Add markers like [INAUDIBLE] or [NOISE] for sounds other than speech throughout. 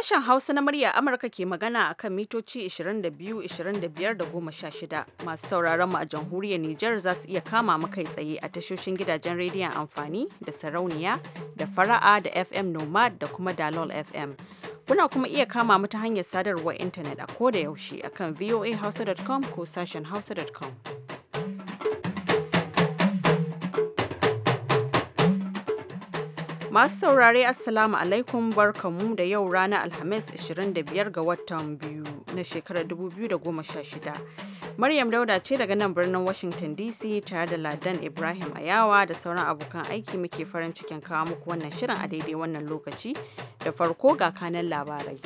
Sashen Hausa na murya Amurka ke magana a kan mitoci 22, 25 da 16. Masu sauraron mu a jamhuriyar Nijar za su iya kama mu kai tsaye a tashoshin gidajen rediyon amfani da sarauniya da fara'a da FM Nomad da kuma Dalol FM. Kuna kuma iya kama mu ta hanyar sadarwar intanet a koda yaushe akan voahausa.com ko sashen hausa.com. Masu saurare Assalamu alaikum barkamu da yau ranar Alhamis 25 ga watan biyu na shekarar 2016. Maryam Dauda ce daga nan birnin Washington DC tare da Ladan Ibrahim Ayawa da sauran abokan aiki muke farin cikin kawo muku wannan shirin a daidai wannan lokaci da farko ga kanan labarai.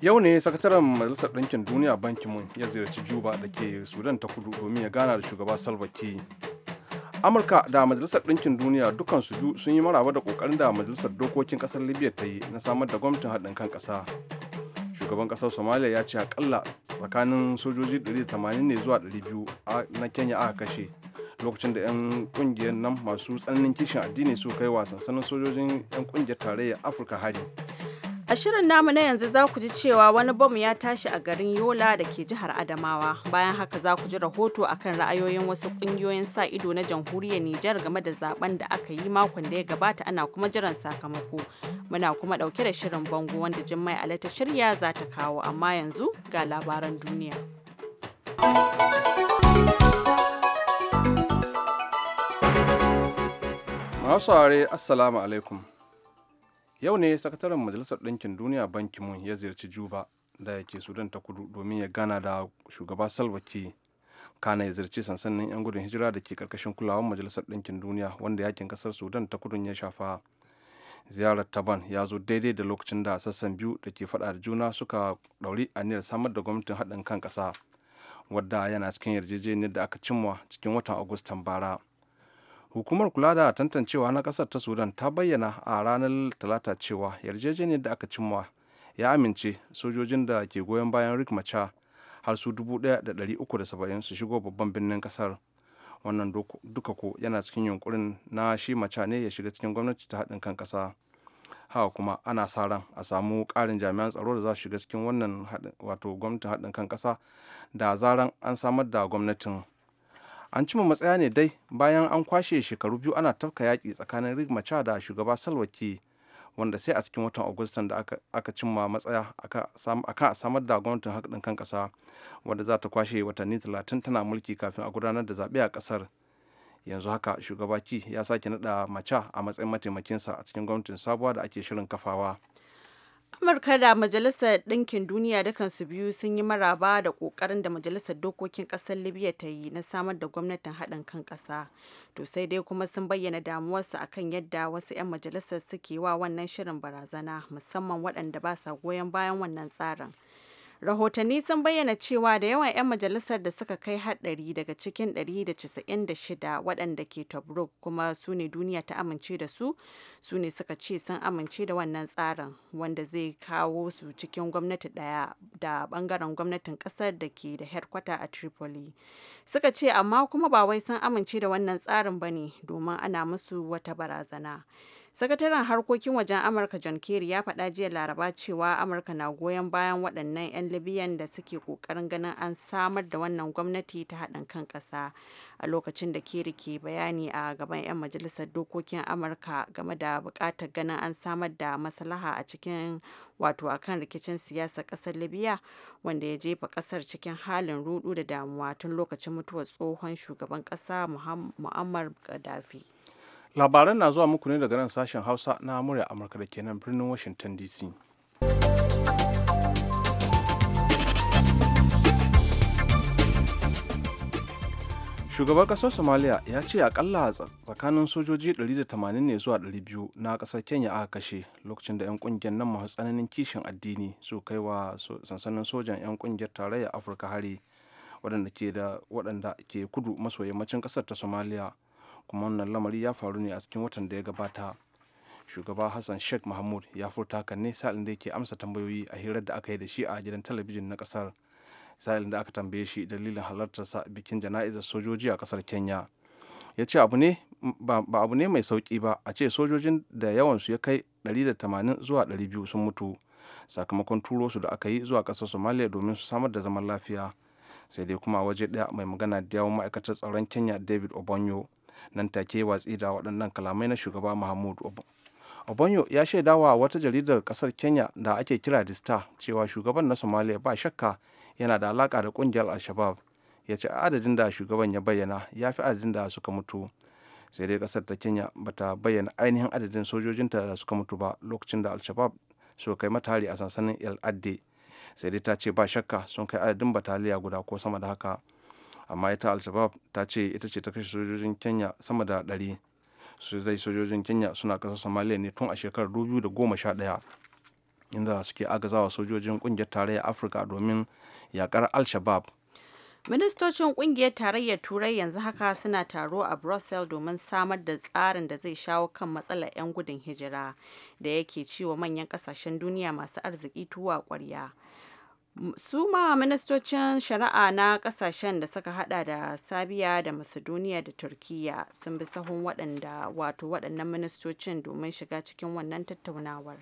Yau ne sakataren Majalisar Ɗinkin Duniya Bankin Mun ya ziyarci Juba da ke Sudan ta kudu domin ya gana da shugaba Salva Kiyi. amurka da majalisar ɗinkin duniya dukansu biyu sun yi maraba da kokarin da majalisar dokokin ƙasar libya ta yi na samar da gwamnatin haɗin kan ƙasa shugaban ƙasar somalia ya ce akalla tsakanin sojoji 180 ne zuwa 200 na kenya aka kashe lokacin da 'yan kungiyar nan masu tsananin kishin addini su kai wa sansanin sojojin 'yan kungiyar tarayyar afirka hari A shirin namu na yanzu za ku ji cewa wani bom ya tashi a garin Yola da ke jihar Adamawa. Bayan haka za ku ji rahoto a kan ra'ayoyin wasu ƙungiyoyin sa ido na jamhuriyar Nijar game da zaben da aka yi makon da ya gabata ana kuma jiran sakamako. Muna kuma ɗauke da shirin bango wanda Jummai alata shirya za ta kawo amma yanzu ga labaran duniya. Masu Assalamu alaikum. yau ne sakataren majalisar ɗinkin duniya banki mun ya ziyarci juba da yake sudan ta kudu domin ya gana da shugaba salva kiir kana ya ziyarci sansanin 'yan gudun hijira da ke karkashin kulawar majalisar ɗinkin duniya wanda yakin kasar sudan ta kudu ya shafa ziyarar taban ya zo daidai da lokacin da sassan biyu da ke faɗa da juna suka ɗauri aniyar samar da gwamnatin haɗin kan ƙasa wadda yana cikin yarjejeniyar da aka cimma cikin watan agustan bara hukumar kula da tantancewa na kasar ta sudan ta bayyana a ranar talata cewa yarjejeniyar da aka cimma ya amince sojojin da ke goyon bayan rick macha har su 1,370 su shigo babban birnin kasar wannan duka yana cikin yunkurin na shi macha ne ya shiga cikin gwamnati ta haɗin kan kasa hawa kuma ana sa ran a samu ƙarin jami'an tsaro da za su shiga cikin wannan wato gwamnatin haɗin kan kasa da zaran an samar da gwamnatin an cima matsaya ne dai bayan an kwashe shekaru biyu ana tafka yaƙi tsakanin rig da shugaba salwaki wanda sai a cikin watan agustan da aka cimma matsaya akan a samar da gwamnatin haɗin kan ƙasa wanda za ta kwashe watanni talatin tana mulki kafin a gudanar da zaɓe a ƙasar yanzu haka shugaba ki ya sake naɗa maca a matsayin mataimakinsa a cikin gwamnatin sabuwa da ake shirin kafawa amurka da majalisar ɗinkin duniya su biyu sun yi maraba da ƙoƙarin da majalisar dokokin ƙasar libya ta yi na samar da gwamnatin haɗin kan ƙasa to sai dai kuma sun bayyana damuwarsu akan yadda wasu 'yan majalisar suke wa wannan shirin barazana musamman waɗanda ba sa goyon bayan wannan tsarin rahotanni sun bayyana cewa da yawan 'yan majalisar da suka kai hadari daga cikin 196 waɗanda ke tobruk kuma su ne duniya ta amince da su su ne suka ce sun amince da wannan tsarin wanda zai kawo su cikin gwamnati ɗaya da bangaren gwamnatin ƙasar da ke da herkwata a tripoli suka ce amma kuma ba wai sun amince da wannan tsarin ba ne domin ana musu wata barazana Sakataren harkokin wajen Amurka John Kerry ya faɗa jiya Laraba cewa Amurka na goyon bayan waɗannan 'yan Libyan da suke kokarin ganin an samar da wannan gwamnati ta haɗin kan ƙasa a lokacin da Kerry ke bayani a gaban 'yan majalisar dokokin Amurka game da bukatar ganin an samar da maslaha a cikin wato a kan rikicin siyasar ƙasar Libya wanda ya jefa ƙasar cikin halin rudu da damuwa tun lokacin mutuwar tsohon shugaban ƙasa Muammar Gaddafi. labaran na zuwa muku ne daga nan sashen hausa na murya amurka da kenan birnin washington dc shugaban kasar somalia ya ce akalla tsakanin sojoji 180 ne zuwa 200 na kasar kenya aka kashe lokacin da 'yan kungiyar nan masu tsananin kishin addini su kai wa sansanin sojan 'yan kungiyar tarayyar afirka hari waɗanda ke kudu maso yammacin kasar ta somalia kuma wannan lamari ya faru ne a cikin watan da ya gabata shugaba hassan sheikh mahmud ya furta kan ne sa'ilin da yake amsa tambayoyi a hirar da aka yi da shi a gidan talabijin na kasar sa'ilin da aka tambaye shi dalilin halartar sa bikin jana'izar sojoji a kasar kenya ya ce abu ne ba abu ne mai sauki ba a ce sojojin da yawansu ya kai 180 zuwa 200 sun mutu sakamakon turo su da aka yi zuwa kasar somalia domin su samar da zaman lafiya sai dai kuma waje daya mai magana da yawon ma'aikatar tsaron kenya david obonyo nan take watsi da waɗannan kalamai na shugaba mahmud obonyo ya shaida wa wata jaridar ƙasar kenya da ake kira the star cewa shugaban na somalia ba shakka yana da alaka da ƙungiyar alshabab ya ce adadin da shugaban ya bayyana ya fi adadin da suka mutu sai dai kasar ta kenya bata bayyana ainihin adadin sojojinta da suka mutu ba lokacin da alshabab shabab su kai matari a sansanin el adde sai dai ta ce ba shakka sun kai adadin bataliya guda ko sama da haka amma ita al-shabab ta ce ita ce ta kashe sojojin kenya sama da ɗari su sojojin kenya suna ƙasar somalia ne tun a shekarar 2011 inda suke agazawa sojojin ƙungiyar tarayyar afirka domin yakar al-shabab ministocin kungiyar tarayyar turai yanzu haka suna taro a brussels domin samar da tsarin da zai shawo kan matsalar 'yan gudun hijira da yake ciwo manyan kasashen duniya masu arziki tuwa kwarya su ma ministocin shari'a na kasashen da suka hada da sabiya da macedonia da turkiya sun bi sahun waɗanda wato waɗannan ministocin domin shiga cikin wannan tattaunawar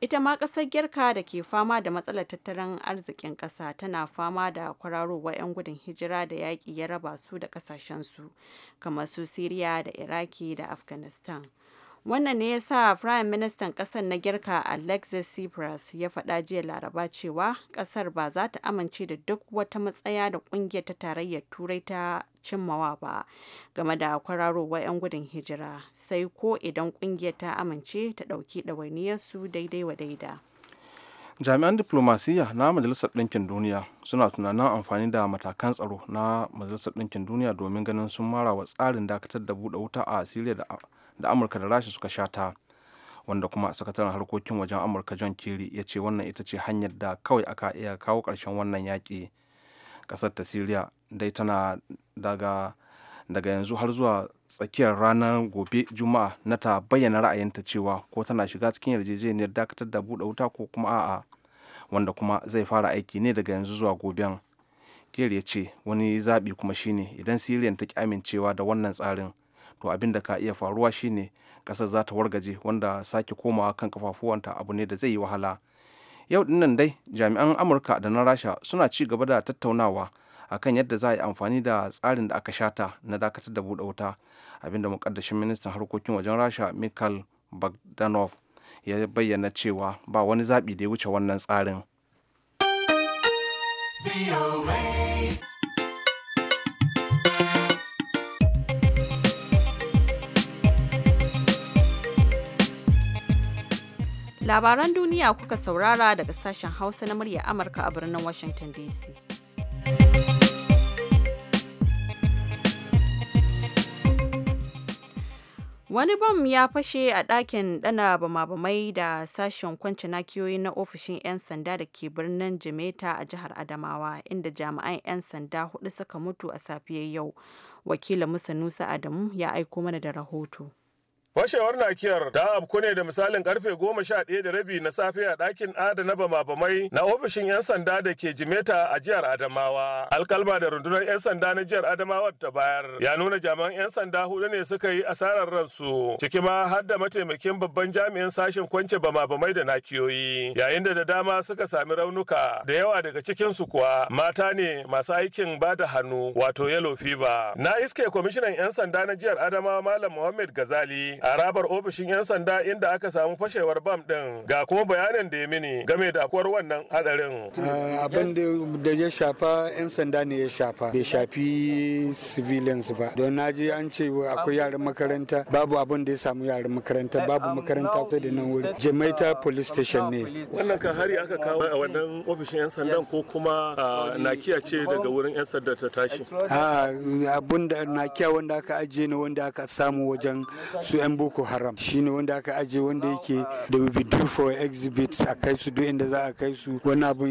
ita ma ƙasar girka da ke fama da matsalar tattalin arzikin ƙasa tana fama da kwararowa 'yan gudun hijira da yaƙi ya raba su da ƙasashensu kamar su siriya da iraki da afghanistan Wannan ne ya sa Firayim Ministan ƙasar na Girka Alexis Tsipras ya faɗa jiya Laraba cewa ƙasar ba za ta amince da duk wata matsaya da ƙungiyar ta tarayyar Turai ta cimmawa ba game da kwararowar 'yan gudun hijira sai ko idan ƙungiyar ta amince ta ɗauki su daidai wa daida. Jami'an diplomasiyya na Majalisar Ɗinkin Duniya suna tunanin amfani da matakan tsaro na Majalisar Ɗinkin Duniya domin ganin sun mara wa tsarin dakatar da buɗe wuta a Siriya da da amurka da rasha suka sha ta wanda kuma sakataren harkokin wajen amurka john kiri ya ce wannan ita ce hanyar da kawai aka iya kawo karshen wannan yaƙi ƙasar ta syria dai tana daga daga yanzu har zuwa tsakiyar ranar gobe juma'a na ta bayyana ra'ayinta cewa ko tana shiga cikin yarjejeniyar dakatar da buɗe wuta ko kuma a'a wanda kuma zai fara aiki ne daga yanzu zuwa goben kiri ya ce wani zaɓi kuma shine idan siriyan ta ki amincewa da wannan tsarin to abin da ka iya faruwa shine kasar za ta wargaje wanda sake komawa kan kafafuwanta abu ne da zai yi wahala yau dinnan dai jami'an amurka da na rasha suna ci gaba da tattaunawa akan yadda za a yi amfani da tsarin da aka shata na dakatar da buɗe wuta abinda mukaddashin ministan harkokin wajen rasha mikhail bagdanov ya bayyana cewa ba wani zaɓi da ya wuce wannan tsarin. Labaran duniya kuka saurara daga sashen Hausa na murya Amurka a birnin Washington DC. Wani bam ya fashe a ɗakin ɗana bama-bamai da sashen kwance nakiyoyi na ofishin 'yan sanda da ke birnin Jimeta a jihar Adamawa, inda jami'an 'yan sanda hudu suka mutu a safiyar yau. Wakilin Musa Nusa Adamu ya aiko mana da rahoto. Fashewar nakiyar ta afku ne da misalin karfe goma sha ɗaya da rabi na safe a ɗakin adana bama-bamai na ofishin 'yan sanda da ke jimeta a jihar Adamawa. Alkalma da rundunar 'yan sanda na jihar Adamawa ta bayar ya nuna jami'an 'yan sanda hudu ne suka yi asarar ransu ciki ma har da mataimakin babban jami'in sashen kwance bama-bamai da nakiyoyi yayin da da dama suka sami raunuka da yawa daga cikinsu kuwa mata ne masu aikin ba da hannu wato yellow fever. Na iske kwamishinan 'yan sanda na jihar Adamawa Malam Muhammad Gazali a rabar ofishin 'yan sanda inda aka samu fashewar bam din ga kuma bayanin da ya mini game da akwar wannan hadarin. Ah, abin da ya shafa 'yan sanda ne ya shafa bai shafi civilians ba don na an ce akwai yaran makaranta babu abin da ya samu yaran makaranta babu makaranta ta da nan wuri jamaita police station ne. Wannan kan hari aka kawo a wannan ofishin 'yan sandan ko kuma ah, nakiya ce daga wurin 'yan sanda ta tashi. Ah, abin da nakiya wanda aka ajiye ne wanda aka samu wajen su 'yan yan boko haram shine wanda aka aje wanda yake da be due for exhibit a kai su duk inda za a kai su wani abun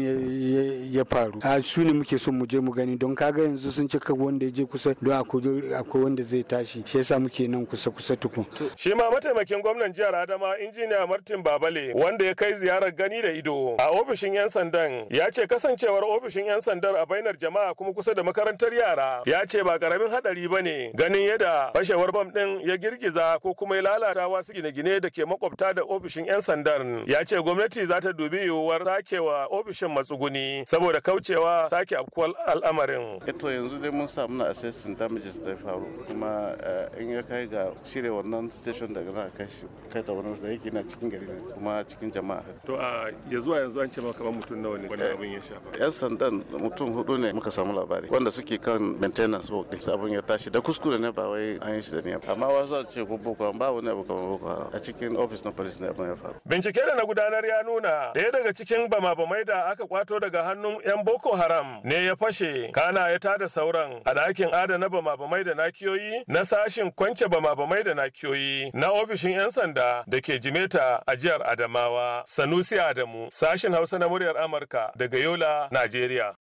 ya faru a su ne muke son mu je mu gani don kaga yanzu sun cika wanda ya je kusa don akwai wanda zai tashi shi yasa muke nan kusa kusa tukun shi ma mataimakin gwamnan jihar adama injiniya martin babale wanda ya kai ziyarar gani da ido a ofishin yan sandan ya ce kasancewar ofishin yan sandan a bainar jama'a kuma kusa da makarantar yara ya ce ba karamin hadari bane ganin yadda fashewar bam din ya girgiza ko kuma mai lalatawa su gine-gine da ke makwabta da ofishin 'yan sandan ya ce gwamnati za ta dubi yiwuwar sakewa ofishin matsuguni saboda kaucewa sake afkuwar al'amarin. Ito eh, yanzu dai mun samu na assessin damages da faru kuma eh, in ya kai ga shirya wannan station daga za a kai shi kai da wani da yake na cikin gari ne kuma cikin jama'a. To a ya zuwa yanzu an ce maka kamar mutum nawa ne wani eh, abin ya shafa. Yan sandan mutum hudu ne muka samu labari wanda suke kan maintenance work din abin ya tashi da kuskure ne ba wai an yi shi da niyya amma wasu ce ko boko ba wani abu boko a cikin ofis na polis ne abin ya faru bincike da na gudanar ya nuna ɗaya daga cikin bama-bamai da aka kwato daga hannun yan boko haram ne ya fashe kana ya tada sauran a ɗakin adana bama-bamai da nakiyoyi na sashin kwance bama-bamai da nakiyoyi na ofishin yan sanda da ke jimeta a jihar adamawa sanusi adamu sashin hausa na muryar amurka daga yola najeriya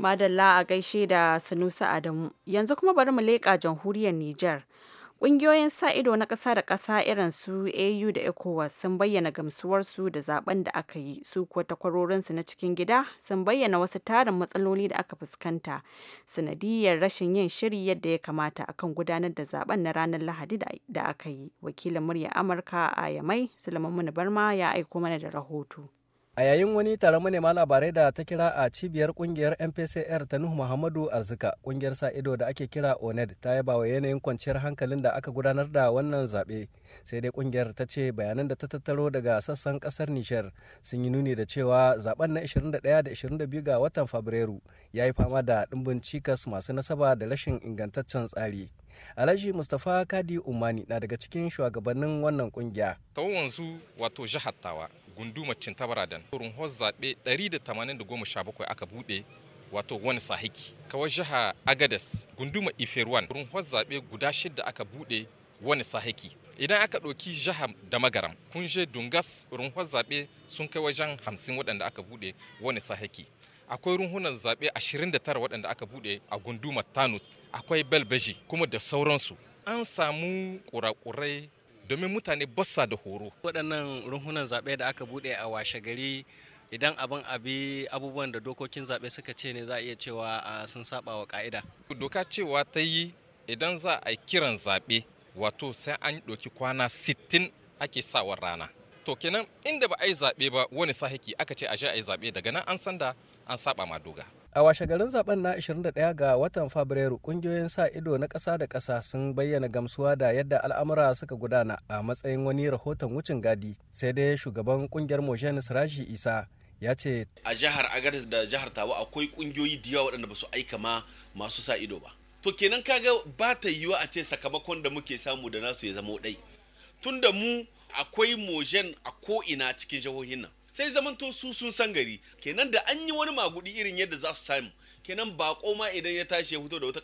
Madalla a gaishe da sanusa Adamu. Yanzu kuma bari mu leƙa jamhuriyar Nijar. Ƙungiyoyin sa ido na ƙasa da ƙasa irin su AU da ECOWAS sun bayyana gamsuwarsu da zaben da aka yi, su kuwa takwarorinsu na cikin gida sun bayyana wasu tarin matsaloli da aka fuskanta sanadiyar rashin yin shiri yadda ya kamata akan gudanar da zaben na ranar Lahadi da aka yi. Wakilin murya Amurka a Yamai, Sulaiman Barma ya aiko mana da rahoto. a yayin wani taron manema labarai da ta kira a cibiyar kungiyar mpcr ta nuhu muhammadu arzika kungiyar sa ido da ake kira oned ta yaba wa yanayin kwanciyar hankalin da aka gudanar da wannan zabe sai dai kungiyar ta ce bayanan da ta tattaro daga sassan kasar nishar sun yi nuni da cewa zaben na 21 da 22 ga watan fabrairu ya yi fama da ɗimbin cikas masu nasaba da rashin ingantaccen tsari alhaji mustapha kadi umani na daga cikin shugabannin wannan kungiya ta wanzu wato jihar gunduma cintabaradan turin hos zaɓe 187 aka buɗe wato wani sahiki kawai jiha agadas gunduma iferwan turin hos zaɓe guda shidda aka buɗe wani sahiki idan aka ɗauki jiha da magaram kun je dungas hos zaɓe sun kai wajen hamsin waɗanda aka buɗe wani sahiki akwai runhunan zaɓe 29 waɗanda aka buɗe a gunduma tanut akwai belbeji kuma da sauransu an samu kurakurai domin mutane bassa da horo waɗannan ruhunan zaɓe da aka buɗe a washe gari idan abin abi abubuwan da dokokin zaɓe suka ce ne za a iya cewa sun saba wa ka'ida doka cewa ta yi idan za a kiran zaɓe wato sai an ɗauki kwana 60 ake sawa rana to kenan inda ba a yi zaɓe ba wani sahiki aka ce a je a yi zaɓe daga nan an sanda an saba ma doga A washe garin zaben na 21 ga watan Fabrairu kungiyoyin sa ido na ƙasa da ƙasa sun bayyana gamsuwa da yadda al'amura suka gudana a matsayin wani rahoton wucin gadi sai dai shugaban kungiyar Mojen Siraji Isa ya ce a jihar Agadez da jihar Tawa akwai kungiyoyi diyawa yawa waɗanda ba su aika ma masu sa ido ba. To kenan kaga ba ta yiwuwa a ce sakamakon da muke samu da nasu ya zama ɗai. Tunda mu akwai Mojen a ko ina cikin jihohin nan. sai zamanto su sun san gari kenan da an yi wani magudi irin yadda za su samu kenan ba koma idan ya tashi ya fito da wata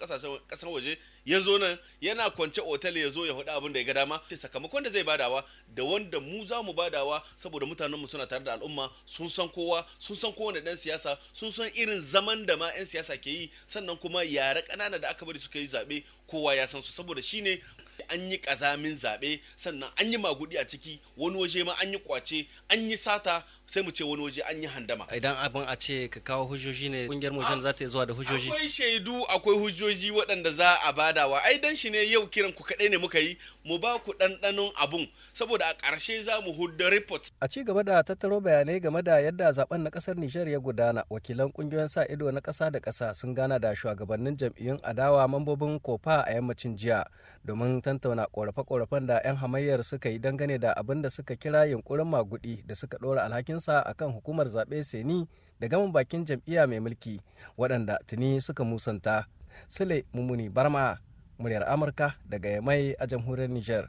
kasar waje ya zo nan yana kwance otal ya zo ya hudu abin da ya ga dama sakamakon da zai badawa da wanda mu za mu badawa saboda mutanen mu suna tare da al'umma sun san kowa sun san kowane dan siyasa sun san irin zaman da ma yan siyasa ke yi sannan kuma yare ƙanana da aka bari suka yi zaɓe kowa ya san su saboda shine an yi ƙazamin zaɓe sannan an yi magudi a ciki wani waje ma an yi kwace an yi sata sai mu ce wani waje an yi handama idan abin a ce ka kawo hujjoji ne kungiyar mojan za ta yi zuwa da hujjoji akwai shaidu akwai hujjoji waɗanda za a badawa ai dan shi ne yau kiran ku kaɗai ne muka yi mu ba ku ɗanɗanon abun saboda a ƙarshe za mu hudda report. A ci gaba da tattaro bayanai game da yadda zaben na ƙasar Nijar ya gudana wakilan ƙungiyoyin sa ido na ƙasa da ƙasa sun gana da shugabannin jam'iyyun adawa mambobin kofa a yammacin jiya domin tantauna ƙorafe-ƙorafen da 'yan hamayyar suka yi dangane da abin da suka kira yunkurin maguɗi da suka ɗora alhakinsa akan hukumar zaɓe seni da gaman bakin jam'iyya mai mulki waɗanda tuni suka musanta. Sule Mumuni Barma muryar amurka daga yamai a jamhuriyar niger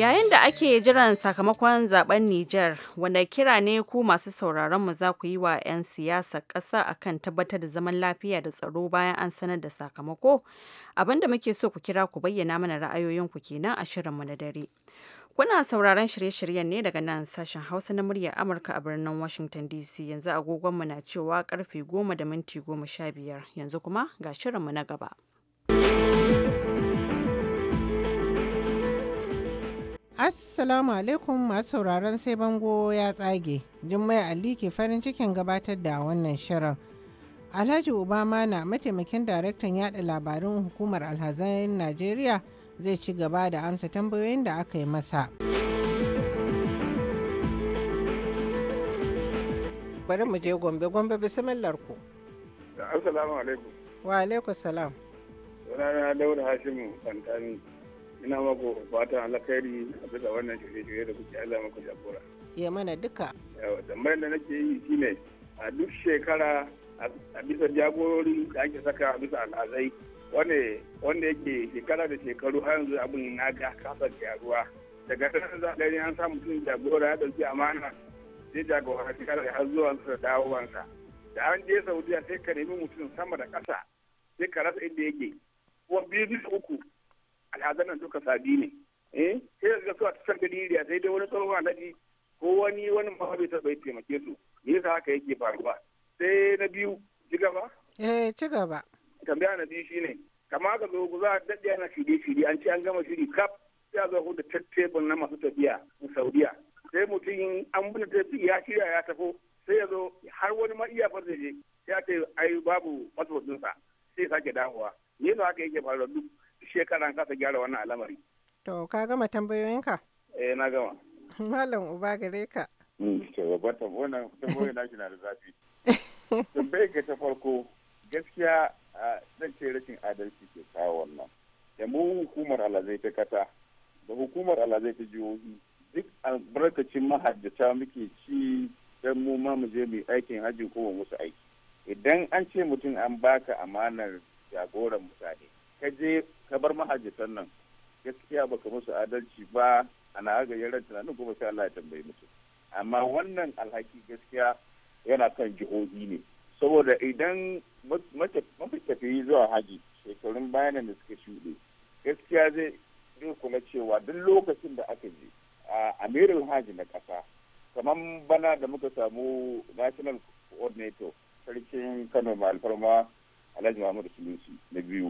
Yayin da ake jiran sakamakon zaben Nijar, wanda kira ne ku masu sauraron mu za ku yi wa 'yan siyasar ƙasa akan tabbatar da zaman lafiya da tsaro bayan an sanar da sakamako? abinda muke so ku kira ku bayyana mana ra'ayoyinku kenan a mu na dare. Kuna sauraron shirye-shiryen ne daga nan sashen Hausa na muryar Amurka a birnin Washington DC yanzu agogonmu na cewa karfe goma da minti goma sha biyar yanzu kuma ga shirinmu na gaba. Assalamu alaikum masu sauraron sai bango ya tsage. Jummai Ali ke farin cikin gabatar da wannan shirin. Alhaji Obama na mataimakin daraktan yada labarin hukumar alhazan Najeriya zai ci gaba da amsa tambayoyin da aka yi masa. Bari mu je Gombe, Gombe bismillah ku. Assalamu alaikum. Wa alaikum salam. Sunana Dauda Hashimu Fantani. ina mako fata alkhairi a bisa wannan shirye-shirye da kuke Allah maka jagora ya mana duka yawa tambayar da nake yi ne a duk shekara a bisa jagorori da ake saka a bisa al'azai wanda yake shekara da shekaru har yanzu abin na ga kasa gyaruwa daga nan za a an samu mutum jagora ya ɗauki amana zai jagora shekara har zuwa da dawowansa da an je saudiya sai ka nemi mutum sama da ƙasa sai ka rasa inda yake kuma biyu uku alhazanan duka sabi ne eh sai ga suwa ta sargadi riya sai dai wani na alaji ko wani wani ma ta bai taimake su me yasa haka yake faruwa sai na biyu ci gaba eh ci gaba tambaya na biyu shine Kamar ka zo za a daɗe ana shirye-shirye an ce an gama shiri kaf sai a zo da tattebin na masu tafiya saudiya sai mutum an bude tafi ya shirya ya tafo sai ya zo har wani ma iya farce ya ce ai babu sa sai sake dawowa ne ba haka yake faruwa duk shekara an kasa gyara wannan al'amari. To ka gama tambayoyinka? Eh na gama. Malam uba gare ka. Ke hmm, babban tambayoyin tambayoyin na na da zafi. [LAUGHS] Tambayi ka ta farko gaskiya zan ce rashin adalci ke kawo wannan. Da mu hukumar alazai ta kata, da hukumar alazai ta jihohi duk albarkacin mahajjata muke ci don mu ma mu je mu aikin hajji ko mu musu aiki. Idan an ce mutum an baka amanar jagoran mutane ka je ka bar mahajjatan nan gaskiya baka musu adalci ba ana ga yaran tunanin kuma sai Allah ya tambaye mutum amma wannan alhaki gaskiya yana kan jihohi ne saboda idan mafi tafiye zuwa haji shekarun bayanan da suka shuɗe gaskiya zai yi kula cewa duk lokacin da aka je a amirin haji na ƙasa kamar bana da muka samu national coordinator sarkin kano mai alfarma alhaji muhammadu sulusi na biyu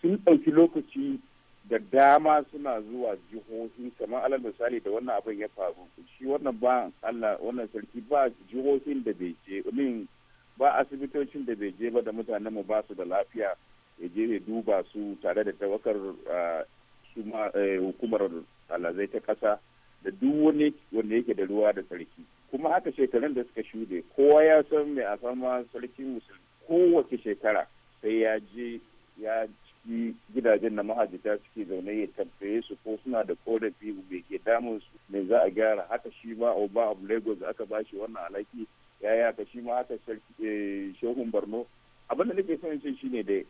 sun ɗauki lokaci da dama suna zuwa jihohin kamar alal misali da wannan abin ya faru shi wannan ba Allah wannan sarki ba jihohin da bai je min ba asibitocin da bai je ba da mutanen mu ba su da lafiya ya je ya duba su tare da tawakar eh, hukumar alazai ta kasa da duk wani wanda yake da ruwa da sarki kuma haka shekarun da suka shuɗe kowa ya san mai a sama sarki musulmi kowace shekara sai ya je ya shi gidajen na mahajjata suke zaune ya tambaye su ko suna da korafi me ke damun su me za a gyara haka shi ma oba abu lagos aka bashi wannan alaki yaya haka shi ma haka eh, shehun barno. abin da nake son ce shine da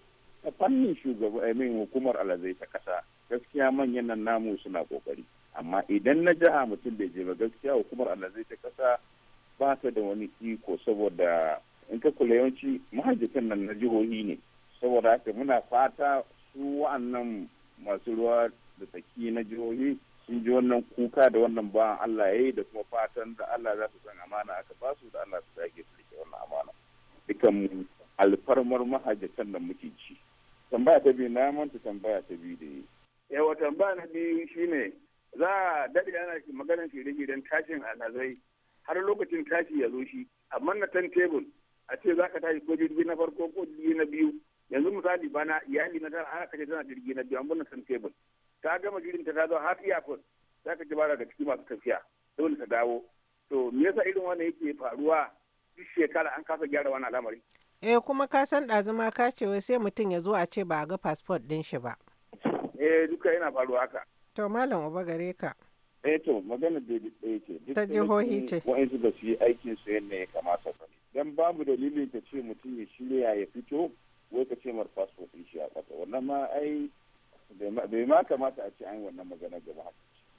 ta fannin shugaba min hukumar alazai ta kasa gaskiya manyan nan namu suna kokari amma idan na jiha mutum bai je ba gaskiya hukumar alazai ta kasa ba ta da wani iko saboda in ka kula yawanci mahajjatan nan na jihohi ne saboda haka muna fata su wa'annan masu ruwa da tsaki na jihohi sun ji wannan kuka da wannan bayan Allah ya yi da kuma fatan da Allah za su san amana aka ba su da Allah su sake su rike wannan amana dukan alfarmar mahajjatan da muke ci tambaya ta biyu na manta tambaya ta biyu da yi yawa tambaya na biyu shine za a daɗe ana maganar shirye-shiryen tashin alhazai har lokacin tashi ya zo shi amma na tan tebul a ce za ka tashi ko jirgi na farko ko jirgi na biyu yanzu misali bana iyali na tara ana kace tana jirgi na biyu an bunna san tebul ta gama jirgin ta zo har airport za ka ji ba daga ciki masu tafiya dole ta dawo to me yasa irin wannan yake faruwa duk shekara an kasa gyara wannan al'amari eh kuma ka san ɗazuma ka ce wai sai mutum ya zo a ce ba a ga passport din shi ba eh duka yana faruwa haka to malam uba gare ka eh to magana da ɗaya ce ta jihohi ce wa'ansu ba su yi aikin su yadda ya kamata ba dan babu dalilin ta ce mutum ya shirya ya fito wai ka ce mar passport din shi a ƙasa wannan ma ai bai ma kamata a ce an wannan magana gaba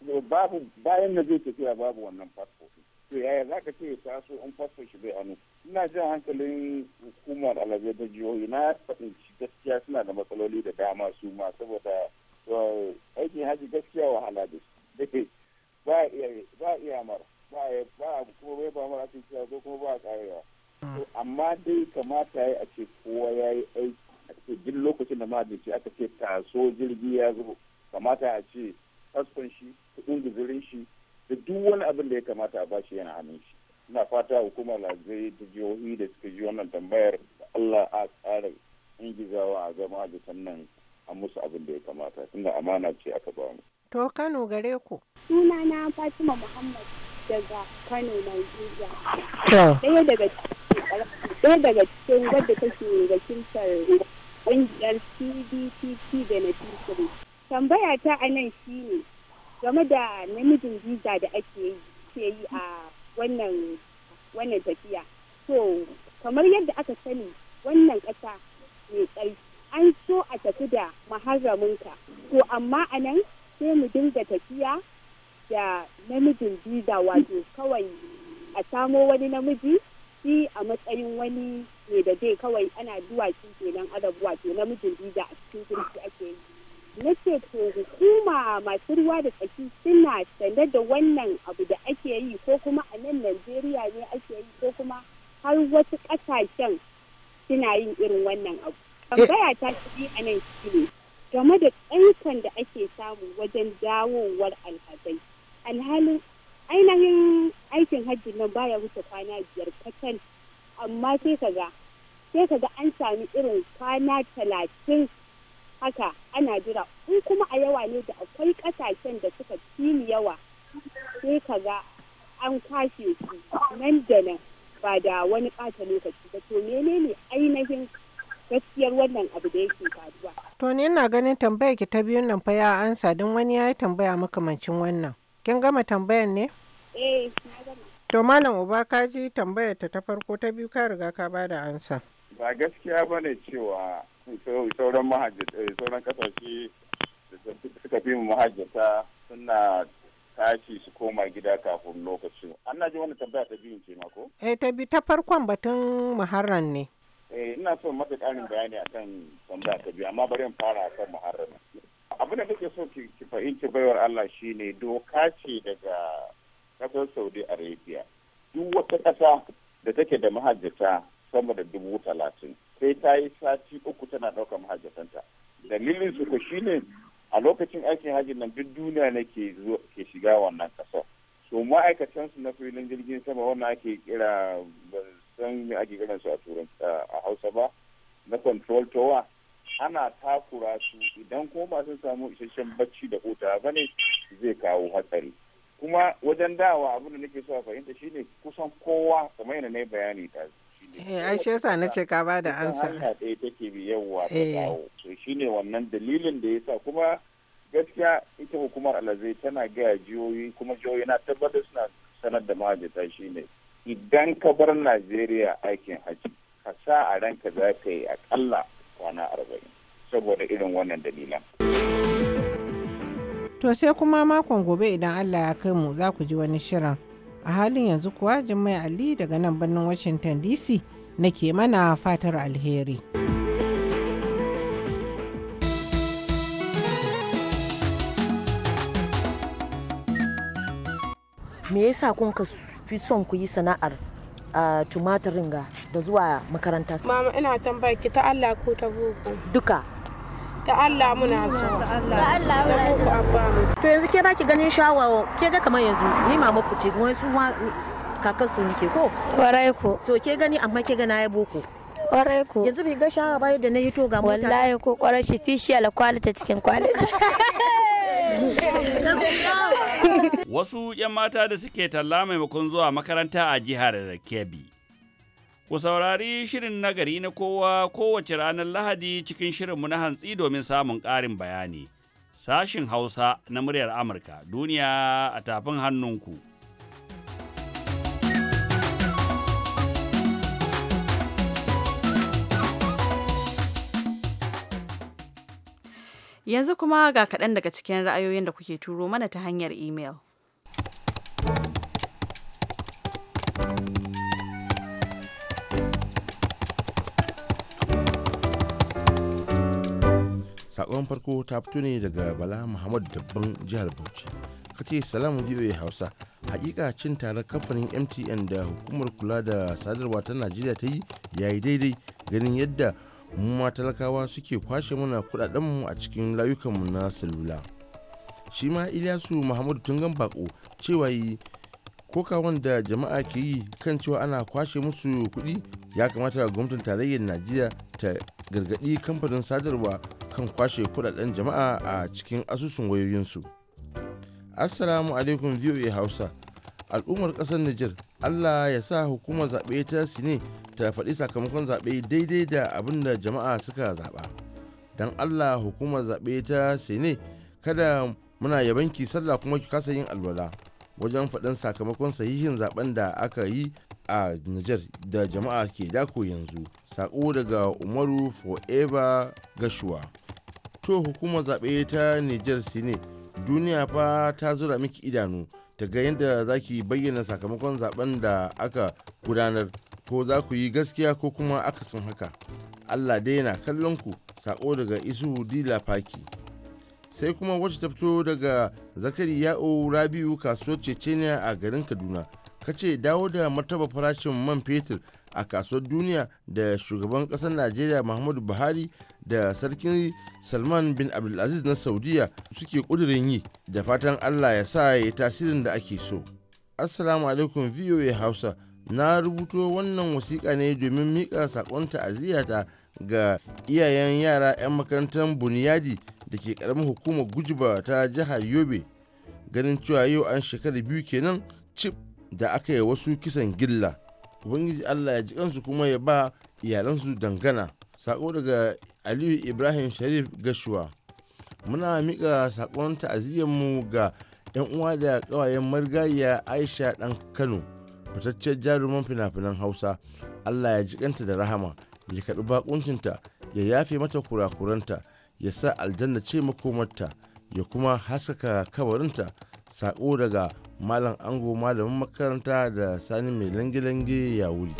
ba babu bayan na zai tafiya babu wannan passport to yaya za ka ce ya taso in passport shi bai anu ina jin hankalin hukumar alabe da jihohi na fahimci gaskiya suna da matsaloli da dama su ma saboda aikin haji gaskiya wahala da su [LAUGHS] ba iya mara ba kuma bai ba mara cikin ko kuma ba a karewa amma dai kamata ya ce kowa ya yi aiki a cikin lokacin da ce aka ce taso jirgi ya zo kamata a ce kaskon shi kudin guzurin shi da duk wani abin da ya kamata a bashi yana hannun shi ina fata hukumar lazai da jihohi da suka ji wannan tambayar da allah a tsara ingizawa a zama a nan a musu abin da ya kamata tunda amana ce aka ba mu. to kano gare ku. suna na fatima muhammad daga kano nigeria. daga karkara daga cikin wadda take wakiltar ƙungiyar cdtt beneficiary tambaya ta a nan shine game da namijin visa da ake yi a wannan wannan tafiya So, kamar yadda aka sani wannan ƙasa mai tsarki an so a tafi da maharraminka to amma a nan sai mu dinga tafiya da namijin biza wato kawai a samo wani namiji shi a matsayin wani ne da zai kawai ana duwaki kenan adabuwa ke namijin dija a cikin kirki ake yi na ce to hukuma masu ruwa da tsaki suna sanar da wannan abu da ake yi ko kuma a nan najeriya ne ake yi ko kuma har wasu kasashen suna yin irin wannan abu tambaya ta shi a nan shi ne game da tsaikon da ake samu wajen dawowar alhazai alhalin ainihin aikin hajji nan baya wuce kwana biyar kacal amma sai ka ga sai ka ga an sami irin kwana talatin haka ana jira in kuma a yawa ne da akwai kasashen da suka fi yawa sai ka ga an kwashe su nan da nan ba da wani ɓata lokaci ba to menene ainihin gaskiyar wannan abu da yake faruwa. To ni ina ganin tambayar ki ta biyun nan fa ya ansa don wani ya yi tambaya makamancin wannan. Kin gama tambayan ne? Eh, to Malam Uba ka ji tambayar ta ta farko ta biyu ka riga ka bada ansa. Ba gaskiya ba ne cewa sauran mahajjata eh, sauran kasashe da suka fi mu mahajjata suna tashi su koma gida kafin lokaci. An na ji wani tambaya ta biyun ce mako? Eh ta bi ta farkon batun muharram ne. Eh ina son mata ƙarin bayani akan tambaya ta biyu amma bari in fara akan muharram. Abin da kake so ki fahimci baiwar Allah shine doka ce daga kasar saudi arabia duk wata kasa da take da mahajjata sama da dubu talatin sai ta yi sati uku tana ɗaukar mahajjatanta dalilin su ko shine a lokacin aikin hajji nan duk duniya ne ke shiga wannan ƙasar to ma'aikatan su na filin jirgin sama wannan ake kira ban san me ake kiran su a turanci a hausa ba na control tower ana takura su idan ko ba sun samu isasshen bacci da hutawa bane zai kawo hatsari kuma wajen dawa abin da nake so a fahimta shine kusan kowa kamar yana ne bayani ta eh shi yasa na ce ka ba da ansa hanya ɗaya take bi wa ta eh. dawo so shine wannan dalilin da yasa kuma gaskiya ita hukumar alazai tana gaya jihohi kuma jihohi na tabbatar suna sanar da mahajjata shine idan ka bar najeriya aikin hajji ka sa a ranka za ka yi akalla kwana arba'in saboda irin wannan dalilan. To sai kuma makon gobe idan Allah ya kai mu za ku ji wani shirin. A halin yanzu kuwa Jummai Ali daga nan birnin Washington DC nake mana fatar alheri. Me yasa kun fi son ku yi sana'ar tumatirin ga da zuwa makaranta? Mama ina tambaya ki ta Allah ko ta boko. Duka. ta Allah muna so ta Allah muna abba to yanzu ke ba ki ganin shawawa ke ga kamar yanzu ni mama ku ce wai su kakan su nike ko kwarai ko to ke gani amma ke gana ya boko kwarai ko yanzu bai ga shawa ba da na hito ga mota wallahi ko kwarai shi official quality cikin quality [LAUGHS] wasu 'yan mata da suke talla maimakon zuwa makaranta a jihar Kebbi Ku saurari shirin nagari na kowa kowace ranar Lahadi cikin shirinmu na hantsi domin samun ƙarin bayani. Sashin Hausa na muryar Amurka, duniya a tafin hannunku. Yanzu kuma ga kaɗan daga cikin ra'ayoyin da kuke turo mana ta hanyar imel. sakon farko ta fito ne daga bala muhammad dabban jihar bauchi ka ce salamu voa hausa hakika cin tare kamfanin mtn da hukumar kula da sadarwa ta najeriya ta yi ya yi daidai ganin yadda mu talakawa suke kwashe mana kudadenmu a cikin layukanmu na salula shi ma ilyasu muhammadu gan bako cewa yi koka wanda jama'a ke yi kan cewa ana kwashe musu kuɗi ya kamata gwamnatin tarayyar najeriya ta gargaɗi kamfanin sadarwa kan kwashe kudaden jama'a a cikin asusun wayoyinsu assalamu alaikum voa hausa al'ummar kasar nijar allah ya sa hukumar zaɓe ta sine ta faɗi sakamakon zaɓe daidai da abin da jama'a suka zaɓa don allah hukumar zaɓe ta sine kada muna yabanki sallah kuma ki kasa yin alwala wajen faɗin sakamakon sahihin zaɓen da aka yi a Nijar da jama'a ke dako yanzu. saƙo daga Umaru Forever Gashuwa. to hukumar zaɓe ta niger sine duniya fa ta zura miki idanu ta ga yadda za ki bayyana sakamakon zaben da aka gudanar ko za ku yi gaskiya ko kuma aka akasin haka allah dai yana kallon ku sako daga isu dila faki sai kuma wacce ta fito daga zakari ya'o rabiu kasuwar cecenia a garin kaduna ka ce dawo da martaba farashin man fetur a kasuwar duniya da shugaban kasar najeriya muhammadu buhari da sarkin salman bin abdulaziz na saudiya suke ƙudurin yi da fatan allah ya sa ya tasirin da ake so assalamu alaikum voa hausa na rubuto wannan wasiƙa ne domin miƙa saƙon ta'aziyyata ga iyayen yara 'yan makarantar buniyadi da ke ƙaramin hukumar gujiba ta jihar yobe ganin cewa yau an shekaru biyu kenan cip da aka yi wasu kisan gilla ubangiji allah ya ji kansu kuma ya ba iyalansu dangana sako daga aliyu ibrahim sharif gashuwa muna miƙa sakon mu ga 'yan uwa da ƙawayen marigayya aisha ɗan kano fitaccen jaruman fina-finan hausa allah ya jikanta da rahama ya karɓi bakuncinta ya yafe mata kurakuranta ya sa aljanna ce makomarta ya kuma haskaka kabarinta sako daga malam ango malamin makaranta da sani mai langilangi ya wuri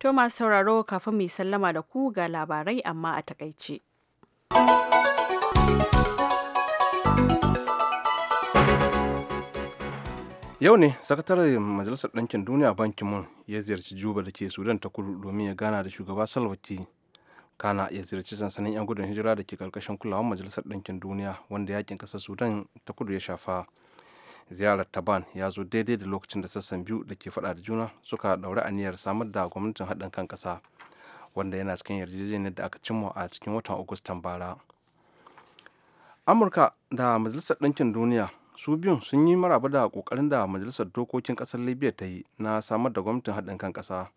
to masu sauraro kafin mai sallama da ku ga labarai amma a takaice yau ne sakataren majalisar ɗankin duniya bankin mun ya ziyarci juba da ke sudan ta kudu domin ya gana da shugaba salwaki kana ya ziyarci sansanin 'yan gudun hijira da ke karkashin kulawar majalisar ɗinkin duniya wanda yakin ƙasar sudan ta kudu ya shafa ziyarar taban ya zo daidai da lokacin da sassan biyu da ke faɗa da juna suka ɗauri aniyar samar da gwamnatin haɗin kan ƙasa wanda yana cikin yarjejeniyar da aka cimma a cikin watan agustan bara amurka da majalisar ɗinkin duniya su biyun sun yi maraba da kokarin da majalisar dokokin ƙasar libya ta yi na samar da gwamnatin haɗin kan kasa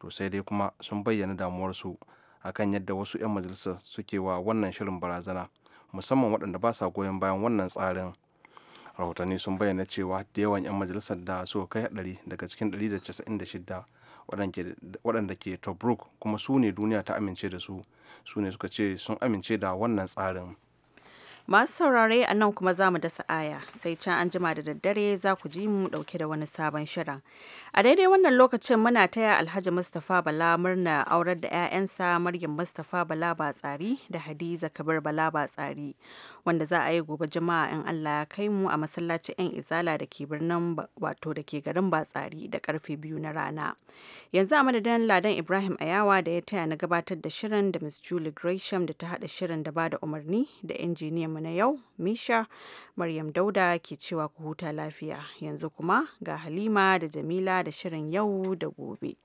to sai dai kuma sun bayyana damuwarsu su akan yadda wasu 'yan majalisa suke wa wannan shirin barazana musamman waɗanda ba sa goyon bayan wannan tsarin rahotanni sun bayyana cewa da yawan 'yan majalisar da suka kai haɗari daga cikin 196 waɗanda ke tobruk kuma su ne duniya ta amince da su su ne suka ce sun amince da wannan tsarin Masu saurare a nan kuma za mu dasa aya sai can an jima da daddare za ku ji mu dauke da wani sabon shirin. A daidai wannan lokacin muna taya Alhaji Mustapha Bala murna aurar da 'ya'yansa Maryam Mustapha Bala Batsari da Hadiza Kabir Bala Batsari wanda za a yi gobe jama'a in Allah ya kai mu a masallacin 'yan izala da ke birnin wato da ke garin Batsari da karfe biyu na rana. Yanzu a madadin Ladan Ibrahim Ayawa da ya taya na gabatar da shirin da Miss Julie Gresham da ta haɗa shirin da bada umarni da injiniyan mu na yau Misha Maryam Dauda ke cewa ku huta lafiya. Yanzu kuma ga Halima da Jamila da shirin yau da gobe.